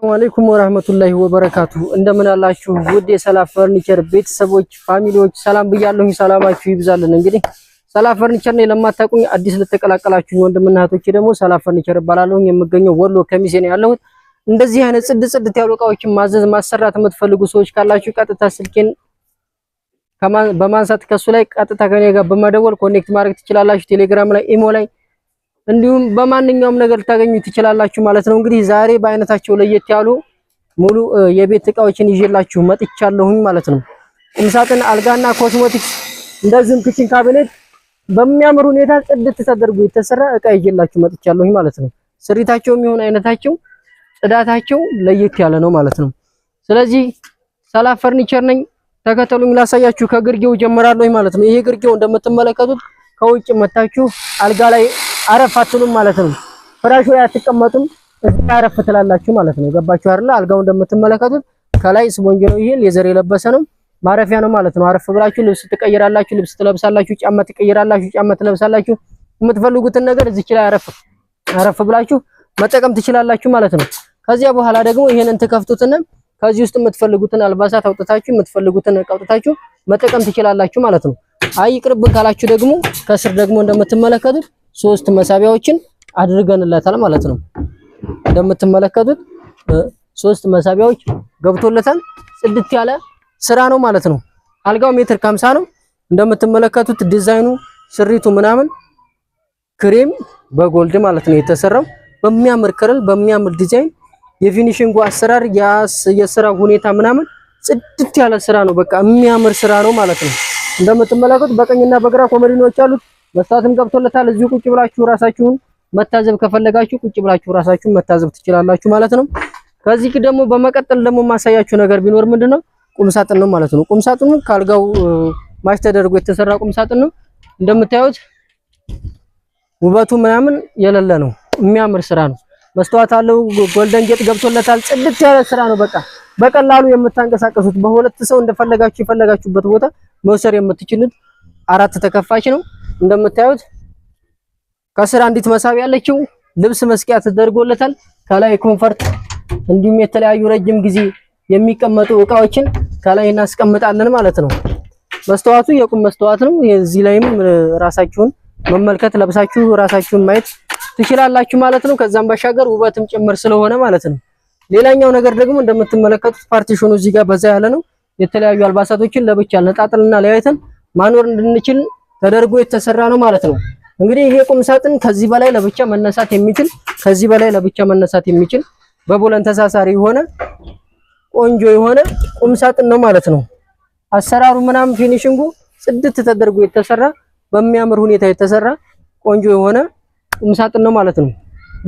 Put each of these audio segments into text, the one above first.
ሰላም አለይኩም ወራህመቱላሂ ወበረካቱ። እንደምን አላችሁ ውድ የሰላም ፈርኒቸር ቤተሰቦች ፋሚሊዎች፣ ሰላም ብያለሁኝ። ሰላማችሁ ይብዛልን። እንግዲህ ሰላም ፈርኒቸር ነው ለማታውቁኝ፣ አዲስ ለተቀላቀላችሁ ወንድምና እህቶቼ ደግሞ ሰላም ፈርኒቸር እባላለሁኝ። የምገኘው ወሎ ከሚሴ ነው ያለሁት። እንደዚህ አይነት ጽድ ጽድት ያሉ እቃዎችን ማዘዝ ማሰራት የምትፈልጉ ሰዎች ካላችሁ ቀጥታ ስልኬን በማንሳት ከሱ ላይ ቀጥታ ከኔ ጋር በመደወል ኮኔክት ማድረግ ትችላላችሁ። ቴሌግራም ላይ፣ ኢሞ ላይ እንዲሁም በማንኛውም ነገር ልታገኙ ትችላላችሁ ማለት ነው። እንግዲህ ዛሬ በአይነታቸው ለየት ያሉ ሙሉ የቤት እቃዎችን ይዤላችሁ መጥቻለሁኝ ማለት ነው። ቁምሳጥን፣ አልጋና ኮስሞቲክስ እንደዚሁም ክችን ካቢኔት በሚያምር ሁኔታ ጽድት ተደርጎ የተሰራ እቃ ይዤላችሁ መጥቻለሁኝ ማለት ነው። ስሪታቸው የሚሆን አይነታቸው ጽዳታቸው ለየት ያለ ነው ማለት ነው። ስለዚህ ሰላም ፈርኒቸር ነኝ። ተከተሉኝ ላሳያችሁ። ከግርጌው ጀምራለሁኝ ማለት ነው። ይሄ ግርጌው እንደምትመለከቱት ከውጭ መታችሁ አልጋ ላይ አረፍ አትሉም ማለት ነው። ፍራሹ ላይ አትቀመጡም፣ እዚህ አረፍ ትላላችሁ ማለት ነው። ገባችሁ አይደል? አልጋው እንደምትመለከቱት ከላይ ስፖንጅ ነው። ይሄ ሌዘር የለበሰ ነው። ማረፊያ ነው ማለት ነው። አረፍ ብላችሁ ልብስ ትቀይራላችሁ፣ ልብስ ትለብሳላችሁ፣ ጫማ ትቀይራላችሁ፣ ጫማ ትለብሳላችሁ። የምትፈልጉትን ነገር እዚች ላይ አረፍ አረፍ ብላችሁ መጠቀም ትችላላችሁ ማለት ነው። ከዚያ በኋላ ደግሞ ይሄንን ትከፍቱትና ከዚህ ውስጥ የምትፈልጉትን አልባሳት አውጥታችሁ የምትፈልጉትን ዕቃ አውጥታችሁ መጠቀም ትችላላችሁ ማለት ነው። አይ ይቅርብን ካላችሁ ደግሞ ከስር ደግሞ እንደምትመለከቱት ሶስት መሳቢያዎችን አድርገንለታል ማለት ነው። እንደምትመለከቱት ሶስት መሳቢያዎች ገብቶለታል። ጽድት ያለ ስራ ነው ማለት ነው። አልጋው ሜትር ከምሳ ነው። እንደምትመለከቱት ዲዛይኑ፣ ስሪቱ ምናምን ክሬም በጎልድ ማለት ነው የተሰራው በሚያምር ክርል በሚያምር ዲዛይን የፊኒሽንጉ አሰራር የስራ ሁኔታ ምናምን ጽድት ያለ ስራ ነው። በቃ የሚያምር ስራ ነው ማለት ነው። እንደምትመለከቱት በቀኝና በግራ ኮመዲኖች አሉት። መስታወትም ገብቶለታል። እዚሁ ቁጭ ብላችሁ ራሳችሁን መታዘብ ከፈለጋችሁ ቁጭ ብላችሁ ራሳችሁን መታዘብ ትችላላችሁ ማለት ነው። ከዚህ ደግሞ በመቀጠል ደግሞ ማሳያችሁ ነገር ቢኖር ምንድነው ቁምሳጥን ነው ማለት ነው። ሳጥኑ ካልጋው ማች ተደርጎ የተሰራ ሳጥን ነው። እንደምታዩት ውበቱ ምናምን የሌለ ነው። የሚያምር ስራ ነው። መስታወት አለው። ጎልደን ጌጥ ገብቶለታል። ጽድት ያለ ስራ ነው። በቃ በቀላሉ የምታንቀሳቀሱት በሁለት ሰው እንደፈለጋችሁ የፈለጋችሁበት ቦታ መውሰድ የምትችሉት አራት ተከፋች ነው። እንደምታዩት ከስር አንዲት መሳቢያ ያለችው ልብስ መስቂያ ተደርጎለታል። ከላይ ኮንፈርት እንዲሁም የተለያዩ ረጅም ጊዜ የሚቀመጡ እቃዎችን ከላይ እናስቀምጣለን ማለት ነው። መስተዋቱ የቁም መስተዋት ነው። እዚህ ላይም ራሳችሁን መመልከት ለብሳችሁ ራሳችሁን ማየት ትችላላችሁ ማለት ነው። ከዛም ባሻገር ውበትም ጭምር ስለሆነ ማለት ነው። ሌላኛው ነገር ደግሞ እንደምትመለከቱት ፓርቲሽኑ እዚህ ጋር በዛ ያለ ነው። የተለያዩ አልባሳቶችን ለብቻ ነጣጥልና ለያይተን ማኖር እንድንችል ተደርጎ የተሰራ ነው ማለት ነው። እንግዲህ ይሄ ቁም ሳጥን ከዚህ በላይ ለብቻ መነሳት የሚችል ከዚህ በላይ ለብቻ መነሳት የሚችል በቦለን ተሳሳሪ የሆነ ቆንጆ የሆነ ቁም ሳጥን ነው ማለት ነው። አሰራሩ ምናምን ፊኒሽንጉ ጽድት ተደርጎ የተሰራ በሚያምር ሁኔታ የተሰራ ቆንጆ የሆነ ቁም ሳጥን ነው ማለት ነው።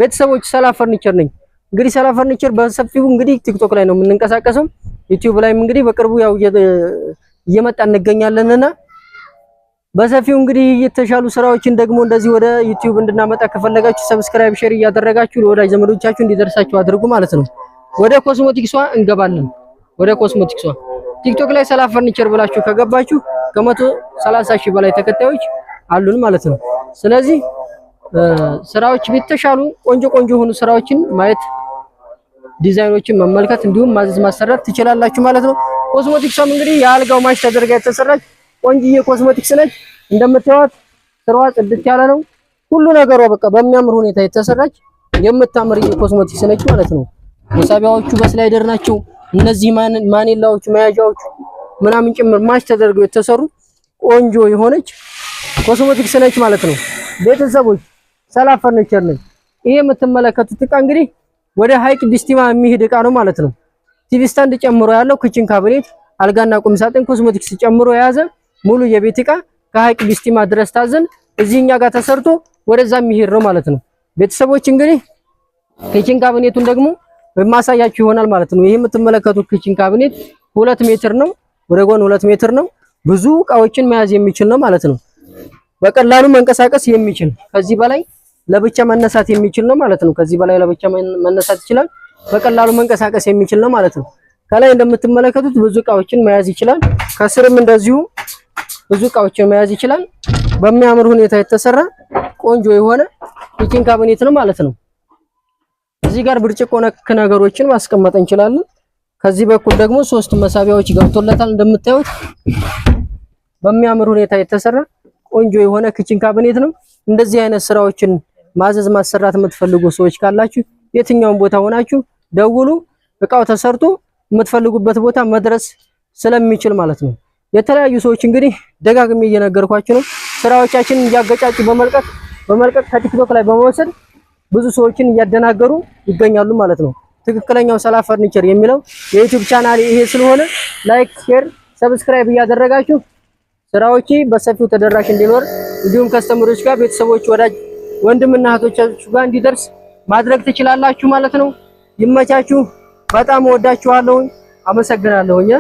ቤተሰቦች ሰላ ፈርኒቸር ነኝ። እንግዲህ ሰላ ፈርኒቸር በሰፊው እንግዲህ ቲክቶክ ላይ ነው የምንንቀሳቀሰው፣ ዩቲዩብ ላይም እንግዲህ በቅርቡ ያው እየመጣ እንገኛለንና በሰፊው እንግዲህ የተሻሉ ስራዎችን ደግሞ እንደዚህ ወደ ዩቲዩብ እንድናመጣ ከፈለጋችሁ ሰብስክራይብ፣ ሼር እያደረጋችሁ ለወዳጅ ዘመዶቻችሁ እንዲደርሳችሁ አድርጉ ማለት ነው። ወደ ኮስሞቲክሷ እንገባለን። ወደ ኮስሞቲክሷ ቲክቶክ ላይ ሰላ ፈርኒቸር ብላችሁ ከገባችሁ ከመቶ ሰላሳ ሺህ በላይ ተከታዮች አሉን ማለት ነው። ስለዚህ ስራዎች የተሻሉ ቆንጆ ቆንጆ የሆኑ ስራዎችን ማየት ዲዛይኖችን መመልከት እንዲሁም ማዘዝ ማሰራት ትችላላችሁ ማለት ነው። ኮስሞቲክሷም እንግዲህ የአልጋው ማሽ ተደርጋ የተሰራች ቆንጅዬ ኮስሞቲክስ ነች። እንደምታዩት ስሯ ጽድት ያለ ነው። ሁሉ ነገሯ በቃ በሚያምር ሁኔታ የተሰራች የምታምር ኮስሞቲክስ ነች ማለት ነው። መሳቢያዎቹ በስላይደር ናቸው። እነዚህ ማኔላዎቹ መያዣዎቹ ምናምን ጭምር ማች ተደርገው የተሰሩ ቆንጆ የሆነች ኮስሞቲክስ ነች ማለት ነው። ቤተሰቦች ሰላ ፈርኒቸር ነች። ይሄ የምትመለከቱት እቃ እንግዲህ ወደ ሀይቅ ዲስቲማ የሚሄድ እቃ ነው ማለት ነው። ቲቪ ስታንድ ጨምሮ ያለው ክችን ካቢኔት፣ አልጋና ቁምሳጥን ኮስሞቲክስ ጨምሮ የያዘ ሙሉ የቤት ዕቃ ከሀይቅ ቢስቲማ ድረስ ታዘን እዚህ እኛ ጋር ተሰርቶ ወደዛ የሚሄድ ነው ማለት ነው። ቤተሰቦች እንግዲህ ኪችን ካቢኔቱን ደግሞ በማሳያችሁ ይሆናል ማለት ነው። ይህ የምትመለከቱት ኪችን ካቢኔት ሁለት ሜትር ነው፣ ወደ ጎን ሁለት ሜትር ነው። ብዙ እቃዎችን መያዝ የሚችል ነው ማለት ነው። በቀላሉ መንቀሳቀስ የሚችል ከዚህ በላይ ለብቻ መነሳት የሚችል ነው ማለት ነው። ከዚህ በላይ ለብቻ መነሳት ይችላል። በቀላሉ መንቀሳቀስ የሚችል ነው ማለት ነው። ከላይ እንደምትመለከቱት ብዙ እቃዎችን መያዝ ይችላል። ከስርም እንደዚሁ ብዙ እቃዎችን መያዝ ይችላል። በሚያምር ሁኔታ የተሰራ ቆንጆ የሆነ ኪችን ካቢኔት ነው ማለት ነው። እዚህ ጋር ብርጭቆ ነክ ነገሮችን ማስቀመጥ እንችላለን። ከዚህ በኩል ደግሞ ሶስት መሳቢያዎች ገብቶለታል። እንደምታዩት በሚያምር ሁኔታ የተሰራ ቆንጆ የሆነ ኪችን ካቢኔት ነው። እንደዚህ አይነት ስራዎችን ማዘዝ ማሰራት የምትፈልጉ ሰዎች ካላችሁ የትኛውን ቦታ ሆናችሁ ደውሉ። እቃው ተሰርቶ የምትፈልጉበት ቦታ መድረስ ስለሚችል ማለት ነው። የተለያዩ ሰዎች እንግዲህ ደጋግሜ እየነገርኳችሁ ነው። ስራዎቻችንን እያገጫጩ በመልቀቅ በመልቀቅ ከቲክቶክ ላይ በመወሰድ ብዙ ሰዎችን እያደናገሩ ይገኛሉ ማለት ነው። ትክክለኛው ሰላ ፈርኒቸር የሚለው የዩቲዩብ ቻናል ይሄ ስለሆነ ላይክ፣ ሼር፣ ሰብስክራይብ እያደረጋችሁ ስራዎች በሰፊው ተደራሽ እንዲኖር እንዲሁም ከስተመሮች ጋር ቤተሰቦች፣ ወዳጅ ወንድምና እህቶቻችሁ ጋር እንዲደርስ ማድረግ ትችላላችሁ ማለት ነው። ይመቻችሁ። በጣም ወዳችኋለሁ። አመሰግናለሁኝ።